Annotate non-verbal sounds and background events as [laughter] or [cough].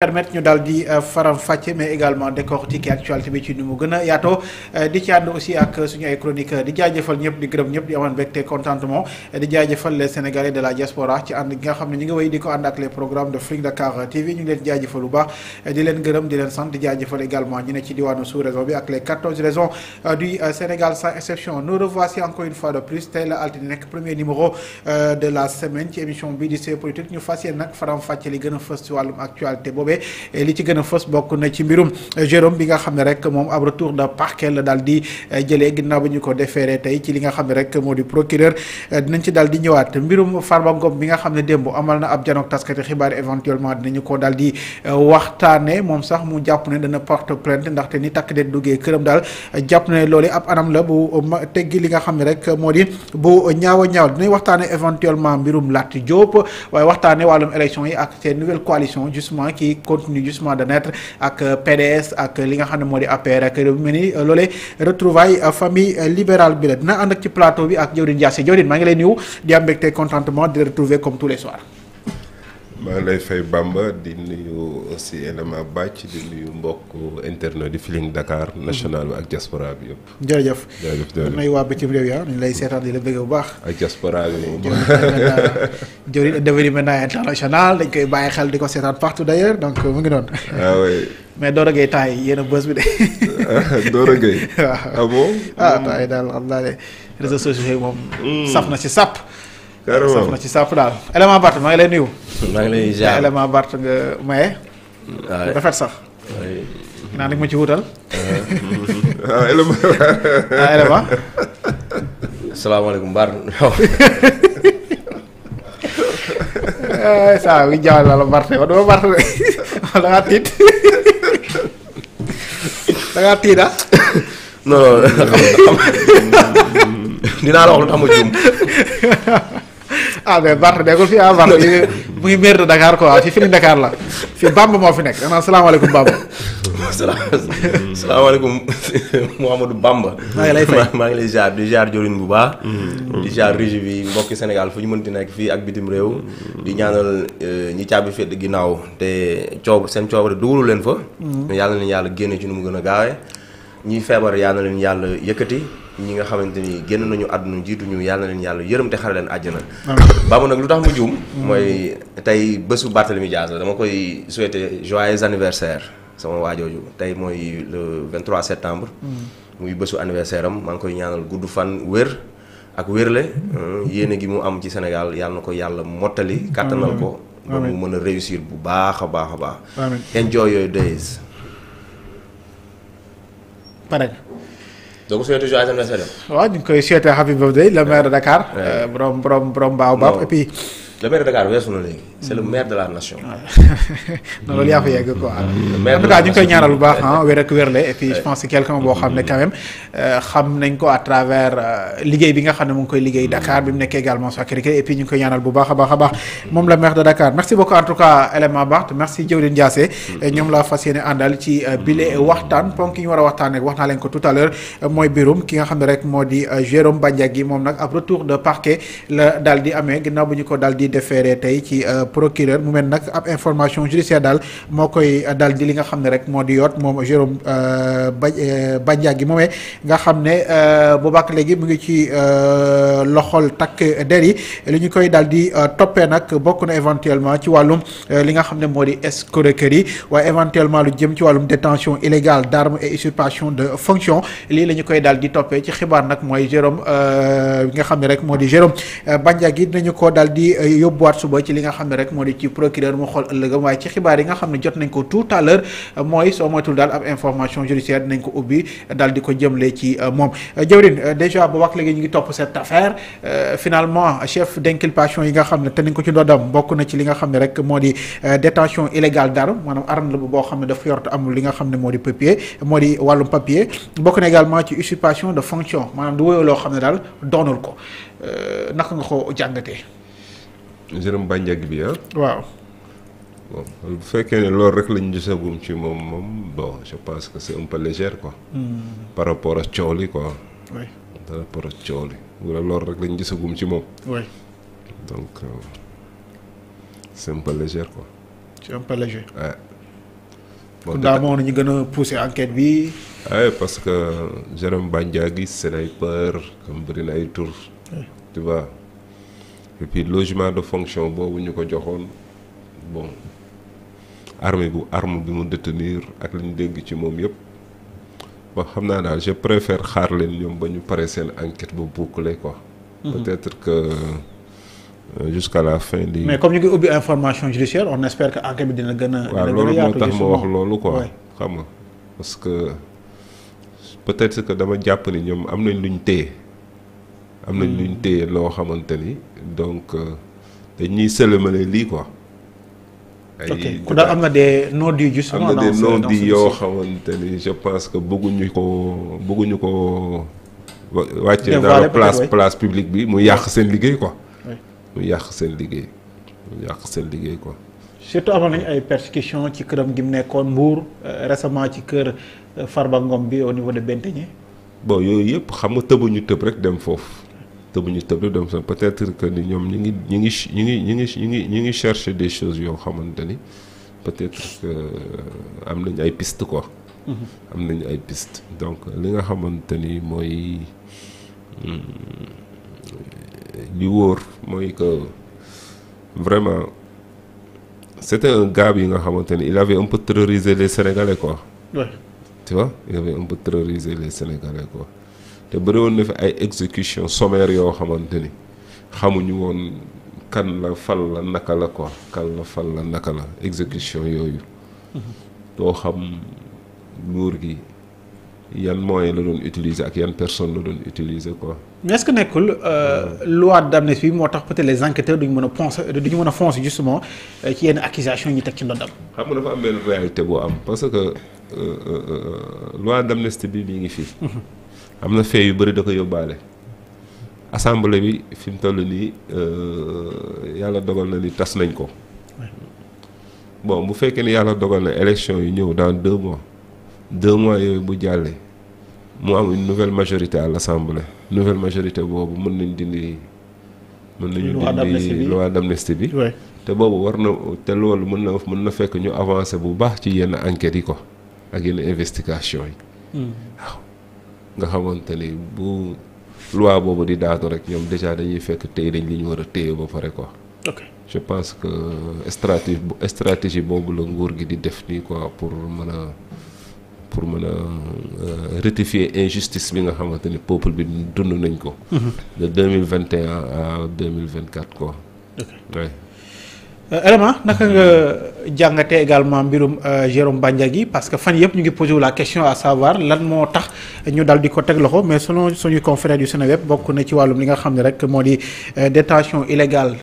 permettre ñu daal di euh, faram fàcce mais également décortiquer actualité bi ci ni mu gën a euh, di ci ànd aussi ak suñu ay chroniqueurs di jaajëfal ñëpp di gërëm ñëpp di amoon mbégte contentement di jaajëfal les sénégalais de la diaspora ci ànd nga xam ne ñu ngi wéy di ko ànd ak les programmes de Feeling Dakar TV ñu ngi leen jaajëfal bu baax di leen gërëm di leen sant di jaajëfal également ñu ci diwaanu sous-région bi ak les 14 régions euh, Sénégal sans exception boobee eh, li ci gën a fës bokk na ci mbirum eh, Jérôme bi nga xam ne rek moom ab retour de parquet la daal di eh, jëlee ginnaaw bi ñu ko déféré tey ci li nga xam ne rek moo di procureur dinañ ci daal di ñëwaat mbirum Farba Ngom bi nga xam ne démb amal na ab janook taskati xibaar éventuellement dinañu ko daal di waxtaane moom sax mu jàpp ne dana porte plainte ndaxte ni takk de duggee këram daal jàpp ne loolu ab anam la bu teggi li nga xam ne rek moo di bu ñaaw a ñaaw dinañ waxtaane éventuellement mbirum Lat Diop waaye waxtaane wàllum élection yi ak seen nouvelle coalition continue justement de naître ak euh, PDS ak euh, li nga xam ne moo di APR ak réew mi ni euh, loole retrouvaille famille libéral bi la dina ànd ak ci plateau bi ak Jawdin Diassé Jawdin maa ngi lay nuyu di am mbégte contentement di retrouver comme tous les soirs maa lay fay Bamba di nuyu aussi élément bàcc di nuyu mbokk internet di Feeling Dakar national bi ak diaspora bi yëpp. jërëjëf jërëjëf jërëjëf nuyu waa bëccëg réew yaa ñu lay seetaan di la bëgg bu baax. ak diaspora bi moom. jërëjëf devenu maintenant international dañ koy bàyyi xel di ko seetaan partout d'ailleurs donc mu ngi noonu. ah oui. mais Doro Gueye temps yi yéen a bës bi de. [laughs] Doro Gueye. [laughs] waaw ah bon. ah temps yi daal xam naa ne réseaux sociaux yi moom. Hmm. saf na si sàpp. carrément saf na ci sàpp daal élément Bart maa ngi lay nuyu. maa ngi lay ziar élément Bart nga maye. waaw sax. naan nag ma ci wutal. waaw [laughs] élément. ah Bart. [laughs] Ah, saa wi jaawale wala Bart wax dama Bart de wax [laughs] dangaa tiit dangaa tiit ah. dinaa la wax lu tax ma juum. ah mais Bart ko fi ah Bart mu ngi maire de Dakar quoi fii fii la fii Bamba moo fi nekk ana salaamaaleykum Bamba. [laughs] salaamaaleykum [laughs] Mouhamadou Bamba. maa ngi lay fay maa ngi lay jaar di jaar Diorin bu baax. Mm. Mm. di jaar région bi mbokki Sénégal fu ñu mënti nekk fii ak bitim réew. Mm. di ñaanal euh, ñi caabi féet ginnaaw te coow seen coobare dugalu leen fa. yàlla na yàlla génne ci nu mu gën a gaawee. ñuy feebar yal na leen yàlla yëkkati ñi nga xamante ni génn nañu àdduna jiituñu yal na leen yàlla yërëm te xare leen àjjana. ba mu nag lu tax mu juum. Mm. mooy tey bésu Barthélemy Diaz la dama koy souhaiter joyeux anniversaire sama waajooju tey mooy le 23 septembre. Mm. muy bésu anniversaire am maa ngi koy ñaanal gudd fan wér. ak wérle mm. yéene gi mu am ci Sénégal yàlla na ko yàlla mottali. kàttanal ko. mu mën a réussir bu baax a baax a baax. enjoy days. pare. donc suñu toujours waaw ñu ngi koy souhaiter happy birthday le maire de Dakar. Eh. Eh, borom borom borom Mbaaw le maire de Dakar weesu na léegi. c' est maire de la nation. Ah. [laughs] non loolu yaa fa yegg quoi. en tout cas ñu ngi koy ñaanal bu baax ah wér ak wérle et puis je pense que quelqu' un boo xam ne euh, ko à travers euh, liggéey bi nga xam ne mu ngi koy liggéey Dakar bi mu nekkee a baax a baax moom la maire de Dakar merci beaucoup en tout cas Élément Barth ci euh, bile waxtaan ponk yi ñu war a waxtaanee wax naa leen ko tout à l'heure mooy birum ki nga xam ne rek moo di Jérôme Bandiaky moom nag ab retour de parquet la ko daal di déféré tey ci euh, procureur mu mel nag ab information judiciaire daal moo koy euh, dal di li nga xam ne rek moo di yoot moom Jérôme euh, Bandiaky moomee nga xam ne boobaak léegi mu ngi ci loxol takk der yi li ñu koy daal di toppee nag bokk na éventuellement ci wàllum li nga xam ne moo di escroquerie waaye éventuellement lu jëm ci wàllum détention illégale d'armes et usurpation de fonction lii la ñu koy daal di toppee ci xibaar nag mooy Jérôme nga xam ko daal di yóbbuwaat suba ci li nga xam ne rek moo di ci procureur mu xool ëllëgam waaye ci xibaar yi nga xam ne jot nañ ko tout à mooy soo moytul daal ab information judiciaire dinañ ko ubbi daal di ko jëmle ci euh, moom euh, jawrin euh, déjà ba wax léegi ñu ngi topp cette affaire finalement chef d'inculpation yi nga xam ne te nañ ko ci doodam bokk na ci li nga xam ne rek moo di détention illégale maanaam arme boo xam ne dafa yortu amul li nga xam ne moo di papier moo di wàllum papier bokk na également ci usurpation de fonction maanaam du woyoo loo xam ne daal doonul ko naka nga ko jàngatee Jérôme Bandiaky bi ah. waaw. bu fekkee ne loolu rek lañu gisagum ci moom moom bon je pense que c'est un peu léger quoi. Hmm. par rapport ak coow li quoi. oui par rapport ak coow li wala loolu rek lañu gisagum ci moom. oui donc euh, c'est un léger quoi. c'est un léger. Ouais. bon daa moo ñu gën a pousser enquête bi. oui parce que Jérôme Bandiaky c'est ay peur comme bëri na ay tur. tu et puis logement de fonction boobu ñu ko joxoon bon armée bu arme bi mu détenir ak li ñu dégg ci moom yëpp ba xam naa daal je préfère xaar leen ñoom ba ñu paree seen enquête bu bouclée quoi. Mhm. peut-être que euh, jusqu'à la fin. li mais comme ñu ngi ubbi information judiciaire on espère que enquête bi dina gën a. waaw loolu moo tax ma wax loolu quoi xam nga parce que peut-être que dama jàpp ñoom am nañ luñ téye. am nañ luñ téye loo xamante ni donc euh, dañuy sëlëmale lii quoi. ay ku daal am nga des non-dits justement am na des non-dits yoo xamante ni je pense que bëgguñu ko bëgguñu ko wàcce dans place place publique bi mu yàq seen liggéey ko mu yàq seen liggéey mu yàq seen liggéey quoi. surtout amoon nañu ay persécutions ci këram gi mu nekkoon mbuur euh, récemment ci kër euh, Farba Ngom bi au niveau de Benteñe. bon yooyu yëpp xam nga ñu tëb rek dem foofu. ñu tëb di dem sax peut-être que ni ñoom ñu ngi ñu ngi ñu ngi ñu ngi ñu ngi ñu ngi chercher des choses yoo xamante ni peut-être que euh, am nañ ay piste quoi. Mm-hmm. am nañ ay piste donc li nga xamante ni mooy hmm, li wóor mooy que vraiment c'était un gars bi nga xamante ni il avait un peu terrorisé les Sénégalais quoi. Ouais. tu vois il terrorisé les Sénégalais quoi. te bëri woon na fi ay exécution sommaire yoo xamante ni xamuñu woon kan la fal la naka la quoi kan la fal la naka la exécution yooyu doo xam nguur gi yan moyen la doon utiliser ak yan personne la doon utiliser quoi. mais est-ce que nekkul euh, loi d'amnistie bi moo tax peut le les duñu mën a poncer duñu mën a foncer justement euh, ci yenn accusation ñu teg ci ndodam. xamu nga dafa am benn réalité boo am parce que euh, loi d'amnistie bi mi ngi fii mm-hmm. am na fee yu bëri da ko yóbbaale assemblée bi fi mu toll nii euh, yàlla dogal na ni tas nañ ko bon bu fekkee ni yàlla dogal na élection yu ñëw dans deux mois deux mois yooyu bu jàllee mu am nouvelle majorité à l'assemblée nouvelle majorité boobu mën nañ dindi mën nañu dindi loi d'amnistie bi te boobu war na te loolu mën na mën na fekk ñu avancer bu baax ci yenn enquêtes yi ko ak yenn investigation yi hmm. nga xamante ni bu loi boobu di daatu rek ñoom déjà dañuy fekk téye dañ li ñu war a téye ba pare ko ok je pense que stratégie stratégie boobu la nguur gi di def nii quoi pour mën a pour mën a euh, rectifier injustice bi nga xamante ni peuple bi dund nañ ko. Mhm. de deux mille vingt et un à deux mille vingt quatre quoi. Euh, Elema naka nga jàngatee également mbirum euh, Jérôme gi parce que fan yëpp ñu ngi posé wu la question à savoir lan moo tax ñu dal di ko teg loxo mais selon suñu confrère yu Seneweb bokk na ci wàllum li nga xam ne rek moo di euh, détention illégale